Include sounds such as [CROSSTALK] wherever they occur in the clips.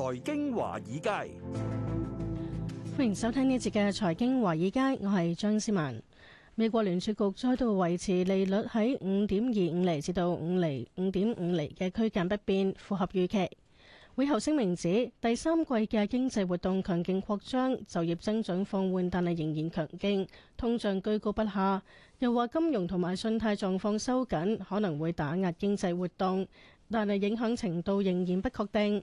財經華爾街，歡迎收聽呢節嘅財經華爾街。我係張思文。美國聯儲局再度維持利率喺五點二五厘至到五厘五點五厘嘅區間不變，符合預期。會後聲明指，第三季嘅經濟活動強勁擴張，就業增長放緩，但係仍然強勁，通脹居高不下。又話金融同埋信貸狀況收緊，可能會打壓經濟活動，但係影響程度仍然不確定。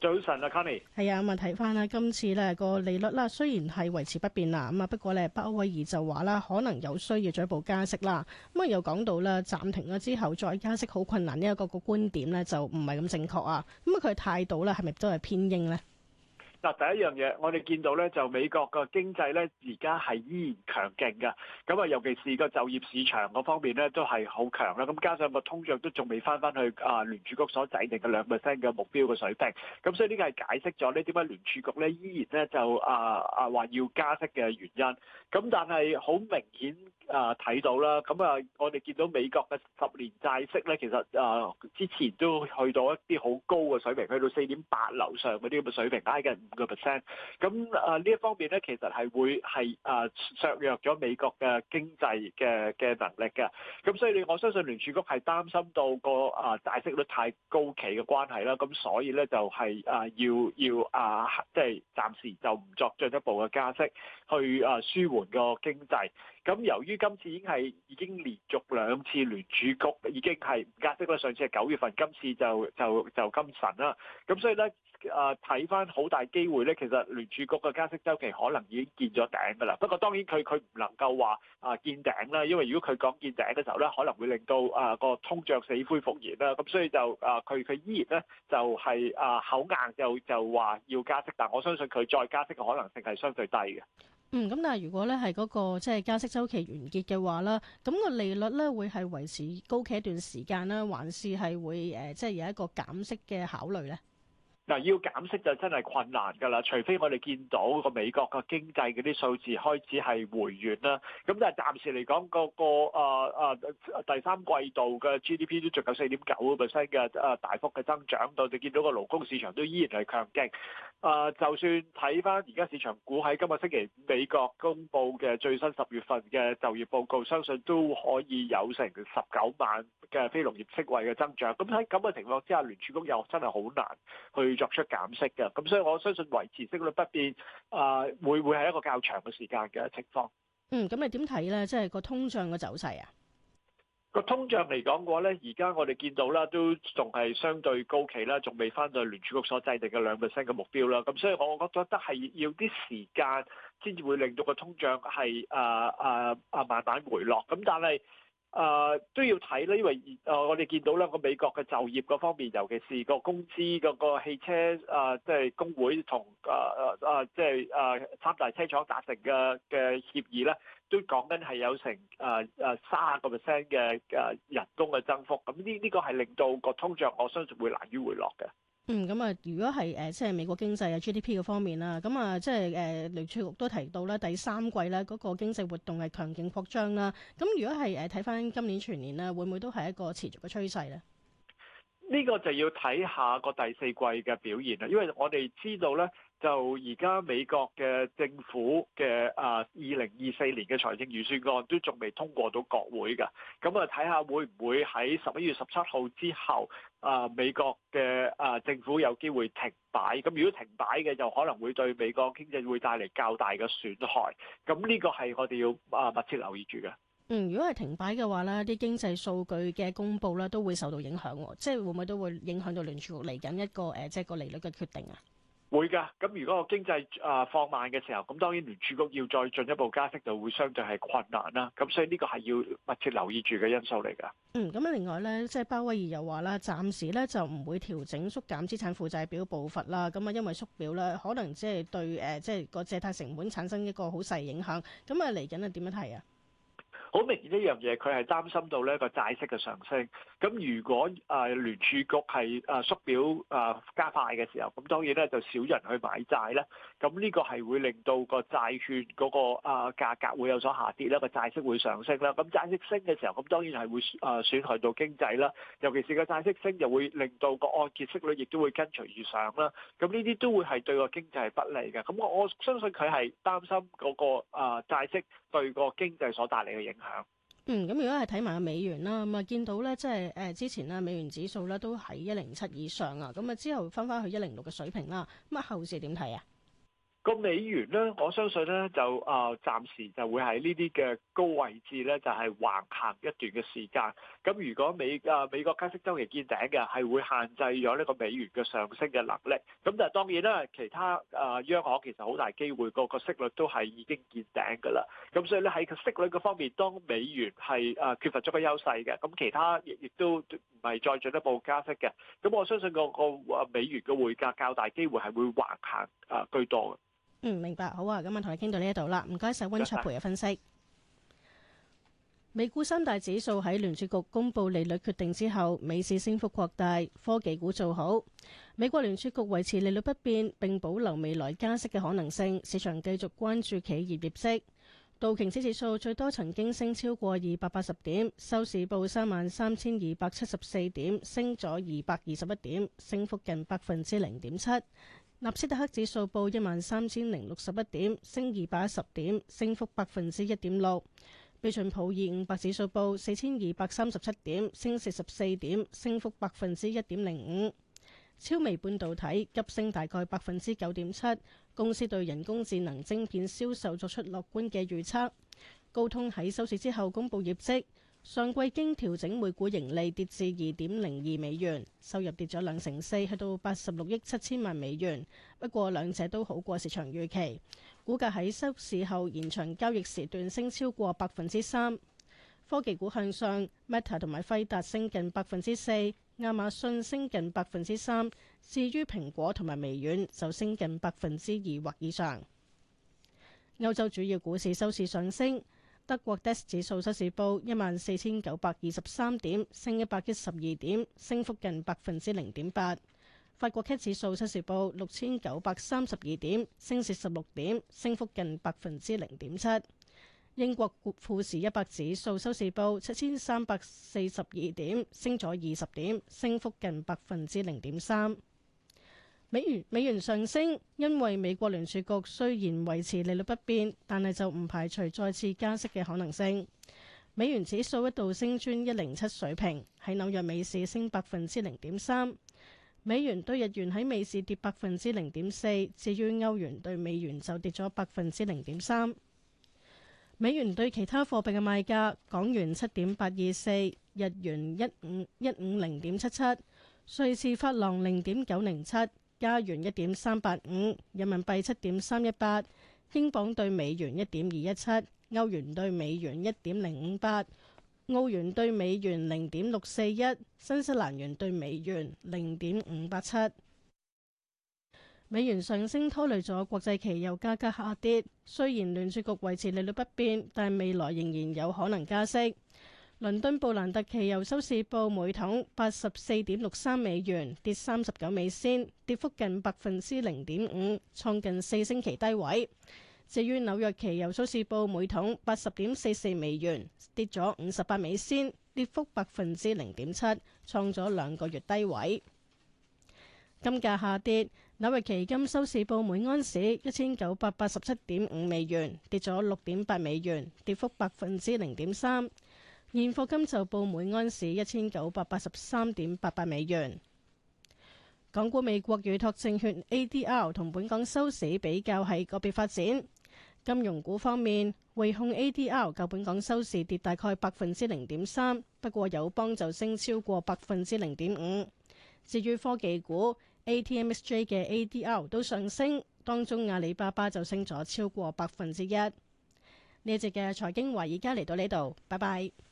早晨啊，Kenny。係啊，咁啊睇翻啦，今次呢個利率啦，雖然係維持不變啦，咁啊不過咧，鮑威爾就話啦，可能有需要進一步加息啦。咁啊又講到啦，暫停咗之後再加息好困難，呢、這、為個個觀點呢，就唔係咁正確啊。咁啊佢態度咧係咪都係偏鷹呢？嗱，第一樣嘢，我哋見到咧就美國個經濟咧而家係依然強勁嘅，咁啊尤其是個就業市場嗰方面咧都係好強啦，咁加上個通脹都仲未翻翻去啊聯儲局所制定嘅兩 percent 嘅目標嘅水平，咁所以呢個係解釋咗呢點解聯儲局咧依然咧就啊啊話要加息嘅原因，咁但係好明顯啊睇到啦，咁啊我哋見到美國嘅十年債息咧其實啊之前都去到一啲好高嘅水平，去到四點八樓上嗰啲咁嘅水平，五個 percent，咁啊呢一方面咧，其實係會係啊削弱咗美國嘅經濟嘅嘅能力嘅，咁所以咧，我相信聯儲局係擔心到個啊大息率太高企嘅關係啦，咁所以咧就係啊要要啊即係、就是、暫時就唔作進一步嘅加息，去啊舒緩個經濟。咁由於今次已經係已經連續兩次聯儲局已經係唔加息啦，上次係九月份，今次就就就今晨啦。咁所以咧，啊睇返好大機會咧，其實聯儲局嘅加息周期可能已經見咗頂噶啦。不過當然佢佢唔能夠話啊見頂啦，因為如果佢講見頂嘅時候咧，可能會令到啊個通脹死灰復燃啦。咁所以就啊，佢佢依然咧就係、是、啊口硬就就話要加息，但我相信佢再加息嘅可能性係相對低嘅。嗯，咁但係如果咧，係嗰個即係加息週期完結嘅話啦，咁個利率咧會係維持高企一段時間咧，還是係會誒、呃、即係有一個減息嘅考慮咧？嗱，要減息就真係困難㗎啦，除非我哋見到個美國個經濟嗰啲數字開始係回軟啦。咁但係暫時嚟講，那個個啊啊第三季度嘅 GDP 都仲有四點九 percent 嘅啊大幅嘅增長，到你見到個勞工市場都依然係強勁。啊、呃，就算睇翻而家市場估喺今日星期五美國公布嘅最新十月份嘅就業報告，相信都可以有成十九萬嘅非農業職位嘅增長。咁喺咁嘅情況之下，聯儲局又真係好難去，作出減息嘅，咁所以我相信維持息率不變啊、呃，會會係一個較長嘅時間嘅情況。嗯，咁你點睇咧？即係個通脹嘅走勢啊？個通脹嚟講嘅話咧，而家我哋見到啦，都仲係相對高企啦，仲未翻到聯儲局所制定嘅兩 percent 嘅目標啦。咁所以我覺得係要啲時間先至會令到個通脹係啊啊啊慢慢回落。咁但係。啊，uh, 都要睇啦，因為啊，uh, 我哋見到兩個美國嘅就業嗰方面，尤其是個工資嗰、嗰個汽車啊，即、uh, 係工會同啊啊啊，即係啊三大車廠達成嘅嘅協議咧，都講緊係有成啊啊卅個 percent 嘅啊人工嘅增幅，咁呢呢個係令到個通脹，我相信會難於回落嘅。嗯，咁、呃啊、呃、啊，如果係誒，即係美國經濟啊 GDP 方面啦，咁啊，即係誒雷翠玉都提到咧，第三季咧嗰個經濟活動係強勁擴張啦。咁如果係誒睇翻今年全年咧，會唔會都係一個持續嘅趨勢咧？呢個就要睇下個第四季嘅表現啦，因為我哋知道咧。就而家美國嘅政府嘅啊，二零二四年嘅財政預算案都仲未通過到國會嘅，咁啊睇下會唔會喺十一月十七號之後啊美國嘅啊政府有機會停擺，咁如果停擺嘅就可能會對美國經濟會帶嚟較大嘅損害，咁呢個係我哋要啊密切留意住嘅。嗯，如果係停擺嘅話咧，啲經濟數據嘅公布咧都會受到影響，即係會唔會都會影響到聯儲局嚟緊一個誒即係個利率嘅決定啊？會噶，咁如果個經濟啊放慢嘅時候，咁當然聯儲局要再進一步加息，就會相對係困難啦。咁所以呢個係要密切留意住嘅因素嚟噶。嗯，咁啊，另外咧，即係鮑威爾又話啦，暫時咧就唔會調整縮減資產負債表步伐啦。咁啊，因為縮表咧，可能即係對誒，即係個借貸成本產生一個好細影響。咁啊，嚟緊啊，點樣睇啊？好明顯一樣嘢，佢係擔心到呢個債息嘅上升。咁如果誒、啊、聯儲局係誒、啊、縮表誒、啊、加快嘅時候，咁當然咧就少人去買債啦。咁呢個係會令到個債券嗰、那個啊價格會有所下跌啦，那個債息會上升啦。咁債息升嘅時候，咁當然係會誒、啊、損害到經濟啦。尤其是個債息升，又會令到個按揭息率亦都會跟隨而上啦。咁呢啲都會係對個經濟係不利嘅。咁我我相信佢係擔心嗰、那個啊債息對個經濟所帶嚟嘅影響。嗯，咁如果係睇埋美元啦，咁啊見到咧，即係誒之前咧美元指數咧都喺一零七以上啊，咁啊之後翻翻去一零六嘅水平啦，咁啊後市點睇啊？個美元咧，我相信咧就啊、呃，暫時就會喺呢啲嘅高位置咧，就係橫行一段嘅時間。咁如果美啊、呃、美國加息周期見頂嘅，係會限制咗呢個美元嘅上升嘅能力。咁但係當然啦，其他啊、呃、央行其實好大機會個個息率都係已經見頂㗎啦。咁所以咧喺個息率嘅方面，當美元係啊、呃、缺乏咗個優勢嘅，咁其他亦亦都唔係再進一步加息嘅。咁我相信個美元嘅匯價較大機會係會橫行啊、呃、居多嘅。嗯，明白，好啊，咁啊，同你傾到呢一度啦，唔該晒溫卓培嘅分析。 [NOISE] 美股三大指數喺聯儲局公布利率決定之後，美市升幅擴大，科技股做好。美國聯儲局維持利率不變，並保留未來加息嘅可能性，市場繼續關注企業業績。道瓊斯指數最多曾經升超過二百八十點，收市報三萬三千二百七十四點，升咗二百二十一點，升幅近百分之零點七。納斯達克指數報一萬三千零六十一點，升二百一十點，升幅百分之一點六。標準普爾五百指數報四千二百三十七點，升四十四點，升幅百分之一點零五。超微半導體急升大概百分之九點七，公司對人工智能晶片銷售作出樂觀嘅預測。高通喺收市之後公布業績。上季經調整每股盈利跌至二點零二美元，收入跌咗兩成四，去到八十六億七千萬美元。不過兩者都好過市場預期，股價喺收市後延長交易時段升超過百分之三。科技股向上，Meta 同埋輝達升近百分之四，亞馬遜升近百分之三。至於蘋果同埋微軟就升近百分之二或以上。歐洲主要股市收市上升。德國 DAX 指數收市報一萬四千九百二十三點，升一百一十二點，升幅近百分之零點八。法國 CAC 指數收市報六千九百三十二點，升四十六點，升幅近百分之零點七。英國富富士一百指數收市報七千三百四十二點，升咗二十點，升幅近百分之零點三。美元美元上升，因為美國聯儲局雖然維持利率不變，但係就唔排除再次加息嘅可能性。美元指數一度升穿一零七水平，喺紐約美市升百分之零點三。美元對日元喺美市跌百分之零點四，至於歐元兌美元就跌咗百分之零點三。美元對其他貨幣嘅賣價：港元七點八二四，日元一五一五零點七七，瑞士法郎零點九零七。加元一點三八五，人民幣七點三一八，英鎊對美元一點二一七，歐元對美元一點零五八，澳元對美元零點六四一，新西蘭元對美元零點五八七。美元上升拖累咗國際期油價格下跌。雖然聯儲局維持利率不變，但未來仍然有可能加息。倫敦布蘭特期油收市報每桶八十四點六三美元，跌三十九美仙，跌幅近百分之零點五，創近四星期低位。至於紐約期油收市報每桶八十點四四美元，跌咗五十八美仙，跌幅百分之零點七，創咗兩個月低位。金價下跌，紐約期金收市報每安士一千九百八十七點五美元，跌咗六點八美元，跌幅百分之零點三。現貨金就報每安士一千九百八十三點八八美元。港股美國預託證券 A D R 同本港收市比較係個別發展。金融股方面，匯控 A D R 較本港收市跌大概百分之零點三，不過友邦就升超過百分之零點五。至於科技股 A T M S J 嘅 A D R 都上升，當中阿里巴巴就升咗超過百分之一。呢節嘅財經華爾街而家嚟到呢度，拜拜。